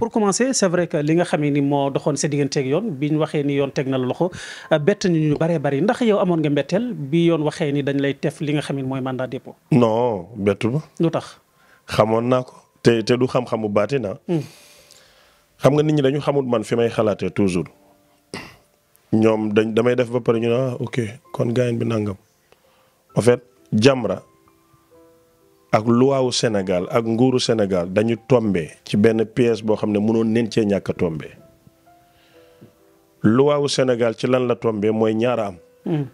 pour commencer c'est vrai que li nga xam ni moo doxoon sa digganteeg yoon bi ñu waxee ni yoon teg na la loxo bett ñu bëree bëri ndax yow amoon nga mbetteel bi yoon waxee ni dañ lay tef li nga xam ni mooy mandat dépôt. non bettu ma. lu tax. xamoon naa ko te te du xam-xamu baati ah. hmm. xam nga nit ñi dañu xamul man fi may xalaate toujours ñoom dañ damay def ba pare ñu ne ah ok kon gaañ bi nangam o fait Jamra ak luwaawu Sénégal ak nguuru Sénégal dañu tombé ci benn pièce boo xam ne mënoon neen cee ñàkk a tombé luwaawu Sénégal ci lan la tombé mooy ñaara am. Hmm.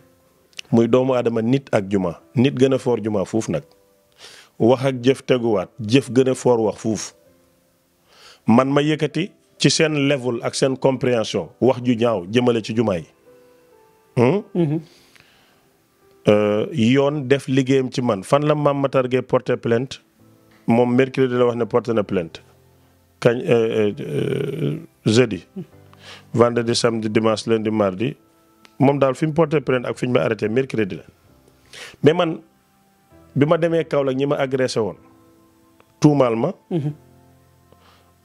muy doomu aadama nit ak juma nit gën a foor jumaa fuuf nag wax ak jëf teguwaat jëf gën a foor wax fuuf man ma yëkkati ci seen level ak seen compréhension wax ju ñaaw jëmale ci juma yi. Hmm? Hmm. Euh, yoon def liggéeyam ci man fan la Mame Matar Gueye porté plainte moom mercredi la wax ne porté na plainte kañ euh, euh, jeudi vendredi samedi dimanche lundi mardi moom daal fi mu porté ak fi ñu ma arrêté mercredi la mais man bi ma demee Kaolack ñi ma agressé woon tuumaal ma. Mhm.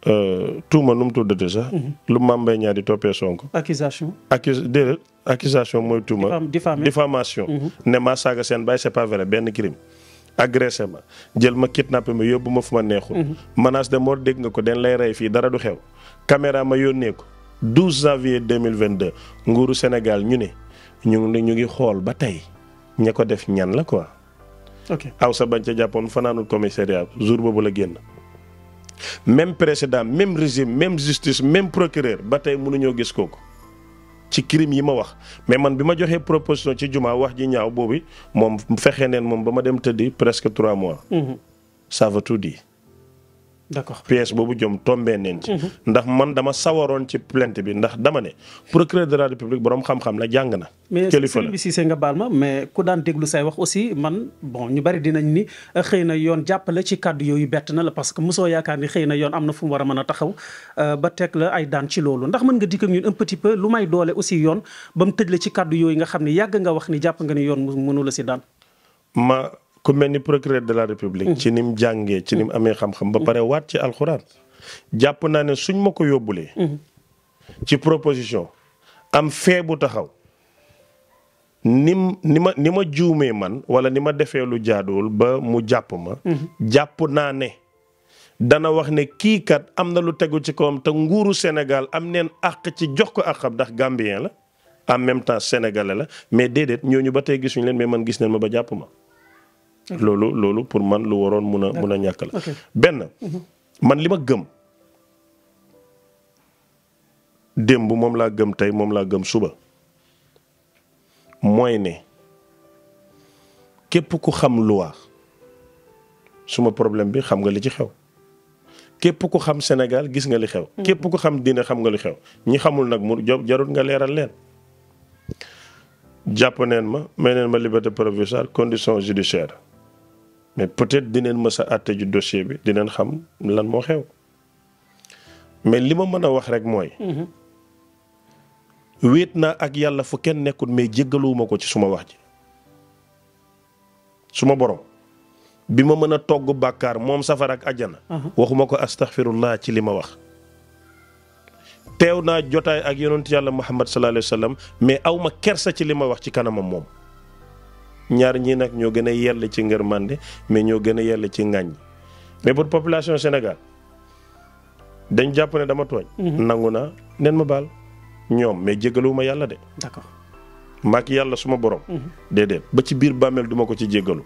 Euh, tuuma nu mu tuddati sax. Mhm. lu Mame Mbaye Niang di toppee Sonko. accusation accuse déedéet mooy tuuma. diffamation mhm. ne maa saaga seen baay c'est benn crime. agressé ma jël ma kidnappé ma yóbbu ma fu ma neexul. Mhm. menace de mort dégg nga ko den lay rey fii dara du xew. caméra ma yónnee ko 12 janvier 2022 nguuru Sénégal ñu ne ñu ngi ñu ngi xool ba tey ña ko def ñan la quoi. ok aw sa bañ ca jàppoon fanaanul commissariat jour boobu la génn. même précédent même régime même justice même procureur ba tey mënuñoo gis kooku ci kirim yi ma wax mais man bi ma joxee proposition ci jumaa wax ji ñaaw boobu moom fexe neen moom ba ma dem tëddi presque trois mois. Mhm. ça veut tout dire. d'accord pièce boobu jom tombee neen ci. Mhm. ndax man dama sawaroon ci plainte bi ndax dama ne procureur de la république borom xam-xam la jàng na. kilifa la mais Cissé nga baal ma mais ku daan déglu say wax aussi man bon ñu bari dinañ ni euh, xëy na yoon jàppale ci kàddu yooyu bett na la parce que mosoo yaakaar ni xëy na yoon am na fu mu war a mën a taxaw euh, ba teg la ay daan ci loolu ndax mën nga dikk ak ñun un petit peu lu may doole aussi yoon ba mu tëj la ci kàddu yooyu nga xam ne yàgg nga wax ni jàpp nga ni yoon mënu la si daan ma ku mel ni procureur de la république. ci ni mu jàngee ci ni mu amee xam-xam. ba pare waat ci alxuraan. jàpp naa ne suñ ma ko yóbbulee. ci proposition am fee bu taxaw. ni ni ma ni ma juumee man wala ni ma defee lu jaaduwul ba mu jàpp ma. jàpp naa ne dana wax ne kii kat am na lu tegu ci kawam te nguuru Sénégal am neen àq ci jox ko xam ndax Gambien la en même temps sénégalais la mais déedéet ñooñu ba tey gisuñu leen mais man gis nañ ma ba jàpp ma. loolu loolu pour man lu waroon mun a mun a ñàkk la benn mhm. man li ma gëm démb moom laa gëm tey moom laa gëm suba mooy ne képp ku xam loi suma problème bi xam nga li ci xew képp ku xam Sénégal gis nga li xew mhm. képp ku xam diine xam nga li xew ñi xamul nag mu jarut nga leeral leen jàpp neen ma may neen ma liberté provisoire condition judiciaire mais peut-être dineen mës a àtte ju dossier bi dineen xam lan moo xew mais li ma mën a wax rek mooy. Mhm. wéet naa ak yàlla fu kenn nekkul mais jéggaluwuma ko ci suma wax ji suma borom bi ma mën a togg bàkkaar moom safara ak ajjana mhm. waxuma ko astaxfirullah ci li ma wax teew naa jotaay ak yenoon yonent yàlla muhammad sallallahu alayhi wa sallam mais awma kersa ci li ma wax ci kanamam moom ñaar ñii nag ñoo gën a yell ci ngërmande mais ñoo gën a yell ci ŋàññ mais pour population Sénégal dañ jàpp ne dama tooñ. Mhm. nangu naa nen ma baal ñoom mais jégaluwuma yàlla de. d'accord maak yàlla suma borom. Mhm. déedéet ba ci biir bàmmeel duma ko ci jégalu.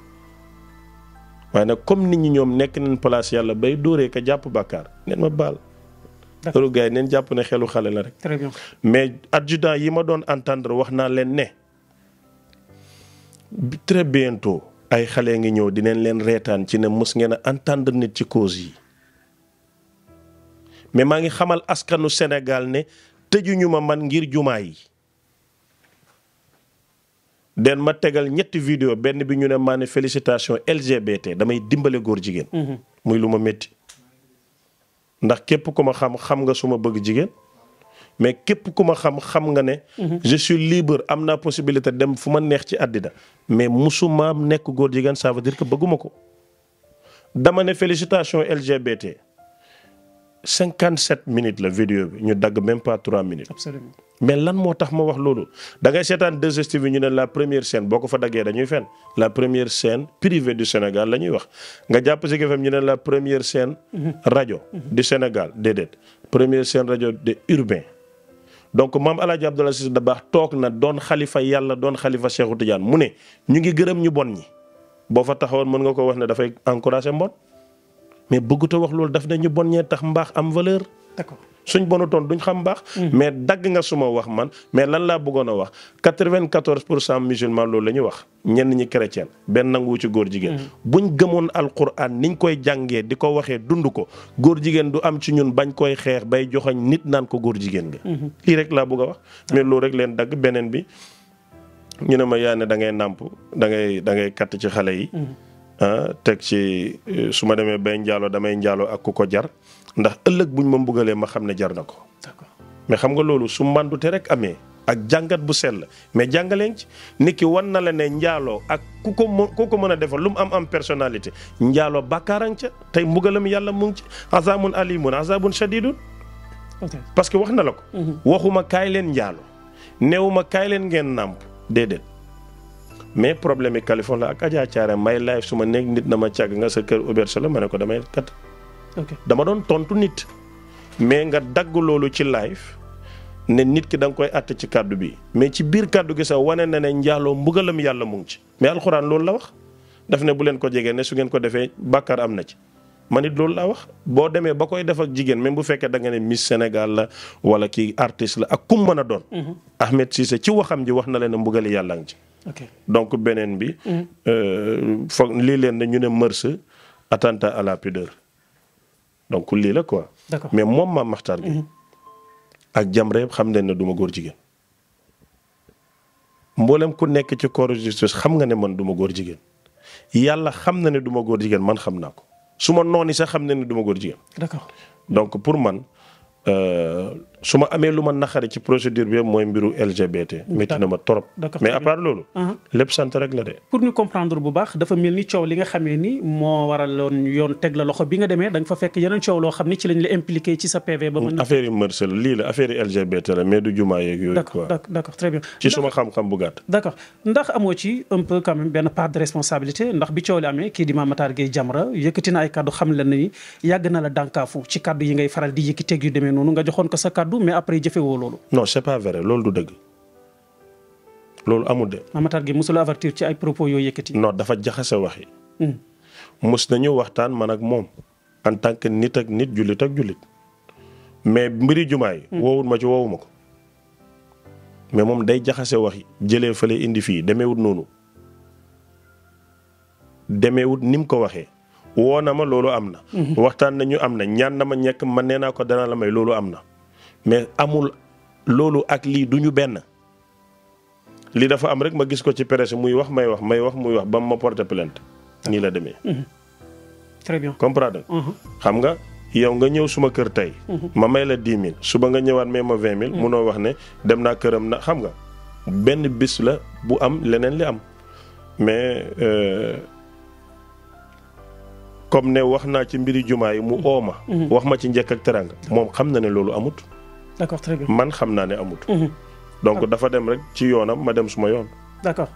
waaye nag comme nit ñi ñoom nekk nañ place yàlla bay dóoree ka jàpp bàkkaar nen ma baal. loolu gars yi neen jàpp ne xelu xale la rek. mais adjudant yi ma doon entendre wax naa leen ne. très bientôt ay xale ngi ñëw dinañ leen reetaan ci ne mos ngeen a entendre nit ci cause yi mais maa ngi xamal askanu senegal ne tëjuñu ma man ngir jumaa yi den ma tegal ñetti vidéo benn bi ñu ne maa ne félicitation LGBT damay dimbale góor jigéen. Mhm. muy lu ma métti. ndax képp ku ma xam xam nga suma bëgg jigéen. mais képp ku ma xam xam nga ne. Mhm. je suis libre am naa possibilité dem fu ma neex ci àddina. mais musuma nekk góor jigéen ça veut dire que bëgguma ko. dama ne félicitation LGBT 57 minutes la vidéo bi ñu dagg même pas trois minutes. Absolument. mais lan moo tax ma wax loolu da ngay seetaan 2STV ñu ne la première scène boo ko fa daggee dañuy fen la première scène privée du Sénégal la ñuy wax nga jàpp si FM ñu ne la première scène. Mhm. rajo mhm. du Sénégal déedéet. première scène rajo de urbain. donc maam El Hadj Abdoulaye Cissé baax toog na doon xalifa yàlla doon xalifa Cheikhou Tidiane mu ne ñu ngi gërëm ñu bon ñi boo fa taxawoon mën nga koo wax ne dafay encouragé mbon mais bëgguta wax loolu daf ne ñu bon ñee tax mbaax am valeur. d'accord. suñ bonutoon duñ xam baax. Mm-hmm. mais dagg nga suma wax man mais lan laa bëggoon a wax 94 pour cent musulman loolu la ñu wax ñenn ñi chrétien benn nanguwu ci góor jigéen. Mm-hmm. buñ gëmoon alquran niñ koy jàngee di ko waxee dund ko góor jigéen du am ci ñun bañ koy xeex bay joxañ nit naan ko góor jigéen nga. Mm-hmm. lii rek laa bëgg wax mais loolu rek leen dagg beneen bi ñu ne ma yaa ne da ngay nàmp da ngay da ngay katt ci xale yi. Ah, teg ci su ma demee bay njaalo damay njaalo ak ko jar. ndax ëllëg buñ ma mbugalee ma xam ne jar na ko. mais xam nga loolu su màndute rek amee. ak jàngat bu sell mais jàngaleen ci nit ki wan na la ne njaaloo ak ku ko mën ku ko mën a defal lu mu am am personnalité njaaloo bàkkaaran ca tey mbugalam yàlla mu ngi ci azabun alimun azabun shadidun parce que wax na la ko mhm. waxuma kaay leen njaalo neewuma kaay leen ngeen nàmp déedéet mais problème yi Californie la ak Adja Thiaré may live su ma néeg nit na ma càgg nga sa kër auberge la ma ne ko damay dama doon tontu nit. mais nga dagg loolu ci live ne nit ki da koy àtt ci kàddu bi mais ci biir kàddu gi sax wane na ne njaaloo mbugalam yàlla mu ngi ci. mais alxuraan loolu la wax daf ne bu leen ko jegee ne su ngeen ko defee bàkkaar am na ci. man it loolu la wax boo demee ba koy def ak jigéen même bu fekkee da nga ne Miss senegal la wala kii artiste la ak kum mën a doon. Mm -hmm. ci waxam ji wax na leen a mbugali yàlla ngi ci. donc beneen bi. Mm foog lii leen ne ñu ne mërs attentat à la pudeur. donc lii la quoi. mais moom maam Maxtaar gi mhm. ak Jamra yëpp xam nañ ne du ma góor jigéen. mboolem ku nekk ci corps justice xam nga ne man duma góor jigéen yàlla xam na ne du ma góor jigéen man xam naa ko su ma nooni sax xam na ne du ma góor jigéen. d'accord donc pour man. Euh, su ma amee lu ma naxari ci procédure bi mooy mbiru LGBT. métti na ma trop mais à loolu. Uh-huh. lépp sant rek la de. pour ñu comprendre bu baax dafa mel ni coow li nga xamee ni moo waraloon yoon teg la loxo bi nga demee da fa fekk yeneen coow loo xam ni ci lañ la impliqué ci sa PV. ba xam-xam bu gàtt. d' accord ndax amoo ci un peu quand benn part de responsabilité ndax bi coow li amee kii di Mame Matar Gueye Jamra yëkkati na ay kaddu xam leen ni yàgg na la dànkaafu ci kaddu yi ngay faral di yëkkiteeg yu demee noonu nga joxoon kaddu mais après jëfewoo loolu. non c'est pas loolu du dëgg loolu amul de. Amathar Gueye mosul avertir ci ay propos yooyu yëkkati. non dafa jaxase wax yi. Hmm. mos nañu waxtaan man ak moom en tant que nit ak nit jullit ak jullit mais mbiri jumaa yi. Hmm. woowul ma ci woowu ko. mais moom day jaxase wax yi jëlee fële indi fii demee demeewut noonu demeewut ni mu ko waxee woo na ma loolu am na. Hmm. waxtaan nañu am na ñaan na ma ñekk man nee naa ko dana la may loolu am na. mais amul loolu ak lii du ñu benn lii dafa am rek ma gis ko ci presse muy wax may wax may wax muy wax ba ma porté plainte nii la demee. Mhm. très bien comprendre mhm. xam nga yow nga ñëw suma kër tey. Mhm. ma may la dix mille suba nga ñëwaat mais ma vingt mille. munoo wax ne dem naa këram na xam nga benn bis la bu am leneen li am mais. Euh, comme ne wax naa ci mbiri jumaa yi mu ooma wax ma ci njekk ak teranga moom xam na ne loolu amut d'accord très bien man xam naa ne amut. Mhm. donc ah. dafa dem rek ci yoonam ma dem suma yoon. d'accord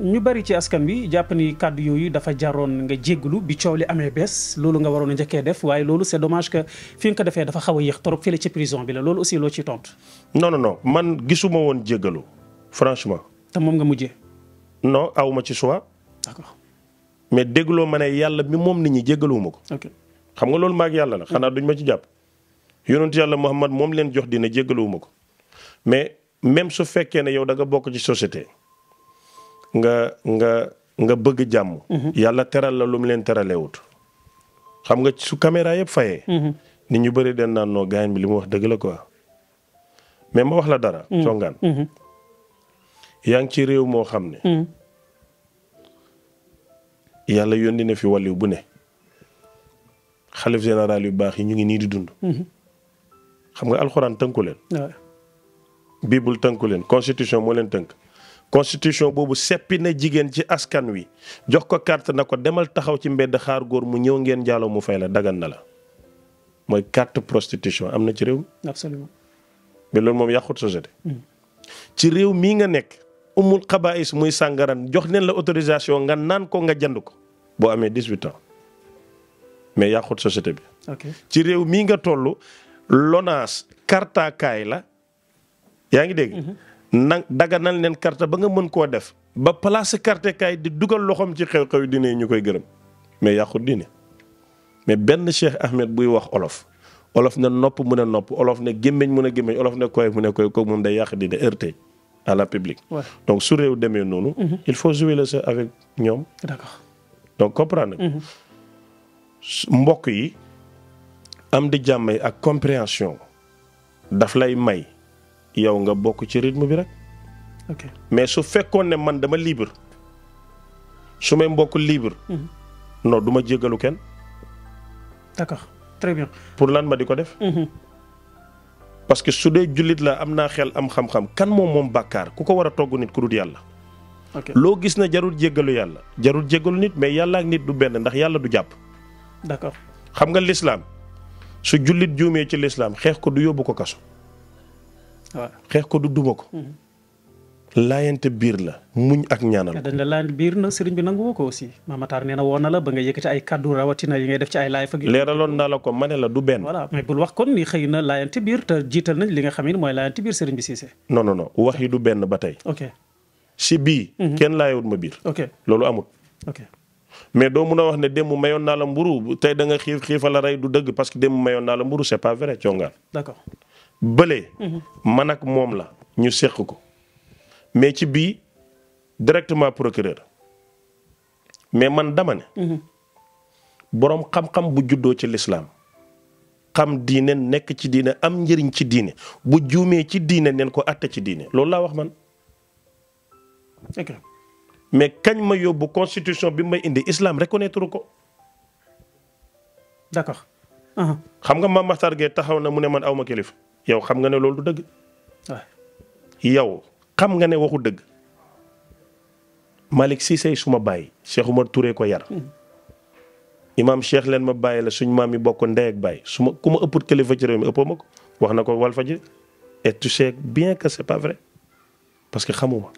ñu bari ci askan bi jàpp ni kàddu yooyu dafa jaroon nga jégglu bi coow li amee bees loolu nga waroon a njëkkee def waaye loolu c'est dommage que fi nga ko defee dafa xaw a yéex trop fële ci prison bi la loolu aussi loo ciy tontu. non non man gisuma woon jéggalu franchement. te moom nga mujje no awma ci choix. d'accord mais dégloo ma ne yàlla mi moom nit ñi jéggaluwuma ko. ok xam nga loolu maag yàlla la xanaa duñ ma ci jàpp. yonentu yàlla Muhammad moom leen jox dina jéggaluwuma ko mais même su fekkee ne yow danga bokk ci société nga nga nga bëgg jàmm. Mhm. yàlla teral la lu mu leen teralewut xam nga su caméra yëpp fayee. Mhm. nit ñu bëri den naan noo gaañ bi li mu wax dëgg la quoi mais ma wax la dara. Mhm. songaan yaa ngi ci réew moo xam ne. yàlla yónni na fi wàllu bu ne. xalif général yu baax yi ñu ngi nii di dund. xam nga alxuraan tënku leen. bible tënku leen constitution moo leen tënk. constitution boobu seppi na jigéen ci askan wi jox ko carte na ko demal taxaw ci mbedd xaar góor mu ñëw ngeen jaaloo mu fay la dagan na la mooy carte prostitution am na ci réew mi. absolument moom yàqut société. Mm. ci réew mii nga nekk umul xabaais muy sàngaran jox neen la autorisation nga naan ko nga jënd ko boo amee 18 ans mais yàqut société bi. ci réew mii nga toll LONASE kartaakaay la yaa ngi dégg. na daganal leen karta ba nga mën koo def. ba place kartekaay di dugal loxoom ci xew-xew yi ñu koy gërëm mais yàqu diine mais benn Cheikh Ahmed buy wax olof olof ne nopp mu ne nopp olof ne gémmiñ mu ne gémmiñ olof ne koy mu ne koy kooku moom day yàq diine heurté à la publique. donc su réew demee noonu. Mm-hmm. il faut jouer le avec ñoom. d'accord mm-hmm. mbokk yi. am di jàmm ak compréhension daf lay may yow nga bokk ci rythme bi rek. mais su fekkoon ne man dama libre su may mbokk libre. Mhm. non du ma jéggalu kenn. d'accord très pour lan ma di ko def. Mhm. parce que su dee jullit la am naa xel am xam-xam kan moom moom bàkkaar ku ko war a togg nit ku dul yàlla. ok loo gis na jarul jéggalu yàlla jarul jéggalu nit mais yàlla ak nit du benn ndax yàlla du jàpp. d'accord xam nga lislaam su jullit juumee ci lislaam xeex ko du yóbbu ko kaso waaw xeex ko du duma ko mhm. laayante biir la muñ ak ñaanal dañ la laayante biir na sëriñ bi nangu ko aussi mamataar nee na woon na ba nga yëkkati ay kàddu rawatina yi ngay def ci ay laay fa gi leeraloon naa la ko ma la du benn voilà mais bul wax kon ni xëy na laayante biir te jiital nañ li nga xam ne mooy laayante biir sëriñ bi Cissé non non non wax yi du benn ba tey ok si bii mhm. kenn laayewut ma biir ok loolu amut mais doo mun a wax ne démb mayoon naa la mburu tey da nga xiif xiifa la rey du dëgg parce que démb mayoon naa la mburu c'est pas vrai congaan bële. Mhm. man ak moom la ñu seq ko mais ci bii directement procureur mais man dama ne. Mhm. boroom xam-xam bu juddoo ci lislaam xam diine nekk ci diine am njëriñ ci diine bu juumee ci diine neen ko àtte ci diine loolu laa wax man. mais kañ ma yóbbu constitution bi may indi islam reconnaître ko. d'accord. xam nga Mame Makhtar taxaw na mu ne man aw ma kilifa yow xam nga ne loolu du dëgg. yow xam nga ne waxu dëgg. Malick si su suma bàyyi Cheikh Oumar ko yar. Hmm. imaam Cheikh leen ma bàyyi la suñ maam yi bokk ndey ak bàyyi su ma ku ma ëpput kilifa ci réew mi ëppoo ma ko wax na ko Walfadjri et tu sais bien que c'est pas vrai. parce que xamuma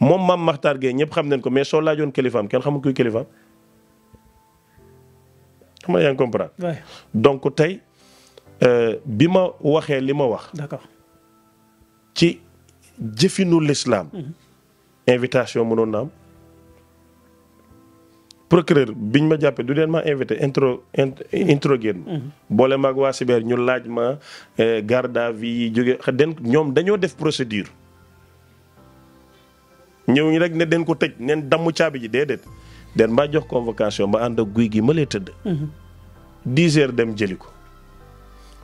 moom maam maxtar Gueye ñëpp xam nañ ko mais soo laajoon kilifaam kenn xamul kuy kilifaam xam nga donc tey euh, bi ma waxee li ma wax. d'accord ci jëfinu lislaam mhm. invitation mënoon na am. procureur biñ ma jàppee du deen ma invité intro introgué mhm. ma boole maag waa Sibèr ñu laaj ma euh, garde à vue yi jóge den ñoom dañoo def procédure ñëw ñu rek ne den ko tëj neen damm caabi ji déedéet den maa jox convocation ba ànd ak guy gi ma lay tëdd. 10 mhm. heures dem jëli ko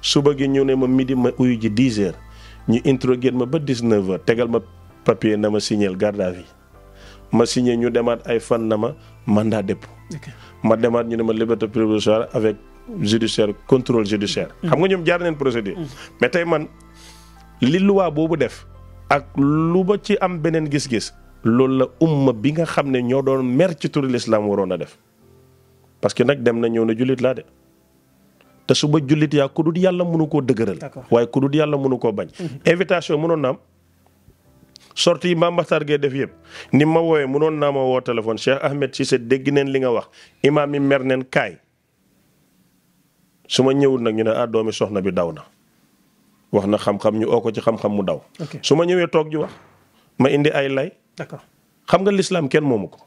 suba gi ñu ne ma midi ma uyu ji 10 heures ñu interroger ma ba 19 heures tegal ma papier na ma signéel garde à vue ma signé ñu demaat ay fan na ma mandat dépôt. ma demaat ñu ne ma liberté provisoire avec judiciaire contrôle judiciaire. Mhm. xam nga ñoom jaar neen procédure. Mhm. ma tey man li loi boobu def. ak lu ba ci am beneen gis-gis. loolu la umma bi nga xam ne ñoo doon mer ci turu lislaam waroon a def parce que nag dem na ñëw na jullit laa de te suba jullit yaa ku dul yàlla mënu koo dëgëral. waaye ku yàlla mënu koo bañ. Mhm. invitation mënoon na am sortie yi gee def yëpp ni ma woowee mënoon naa ma woo téléphone Cheikh Ahmed Cissé dégg neen li nga wax imaam yi mer neen kaay su ma ñëwul nag ñu ne ah doomi soxna bi daw na wax na xam-xam ñu oo ko ci xam-xam mu daw. su ma ñëwee toog ji wax ma indi ay lay. d'accord xam nga lislaam kenn moomu ko.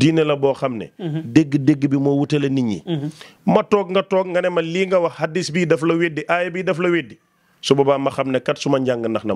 diine la boo xam ne. Mhm. dégg-dégg bi moo wutale nit ñi. Mhm. ma toog nga toog nga ne ma lii nga wax hadis bii daf la weddi aaya bi daf la weddi su boobaa ma xam ne kat su ma njàng ndax na.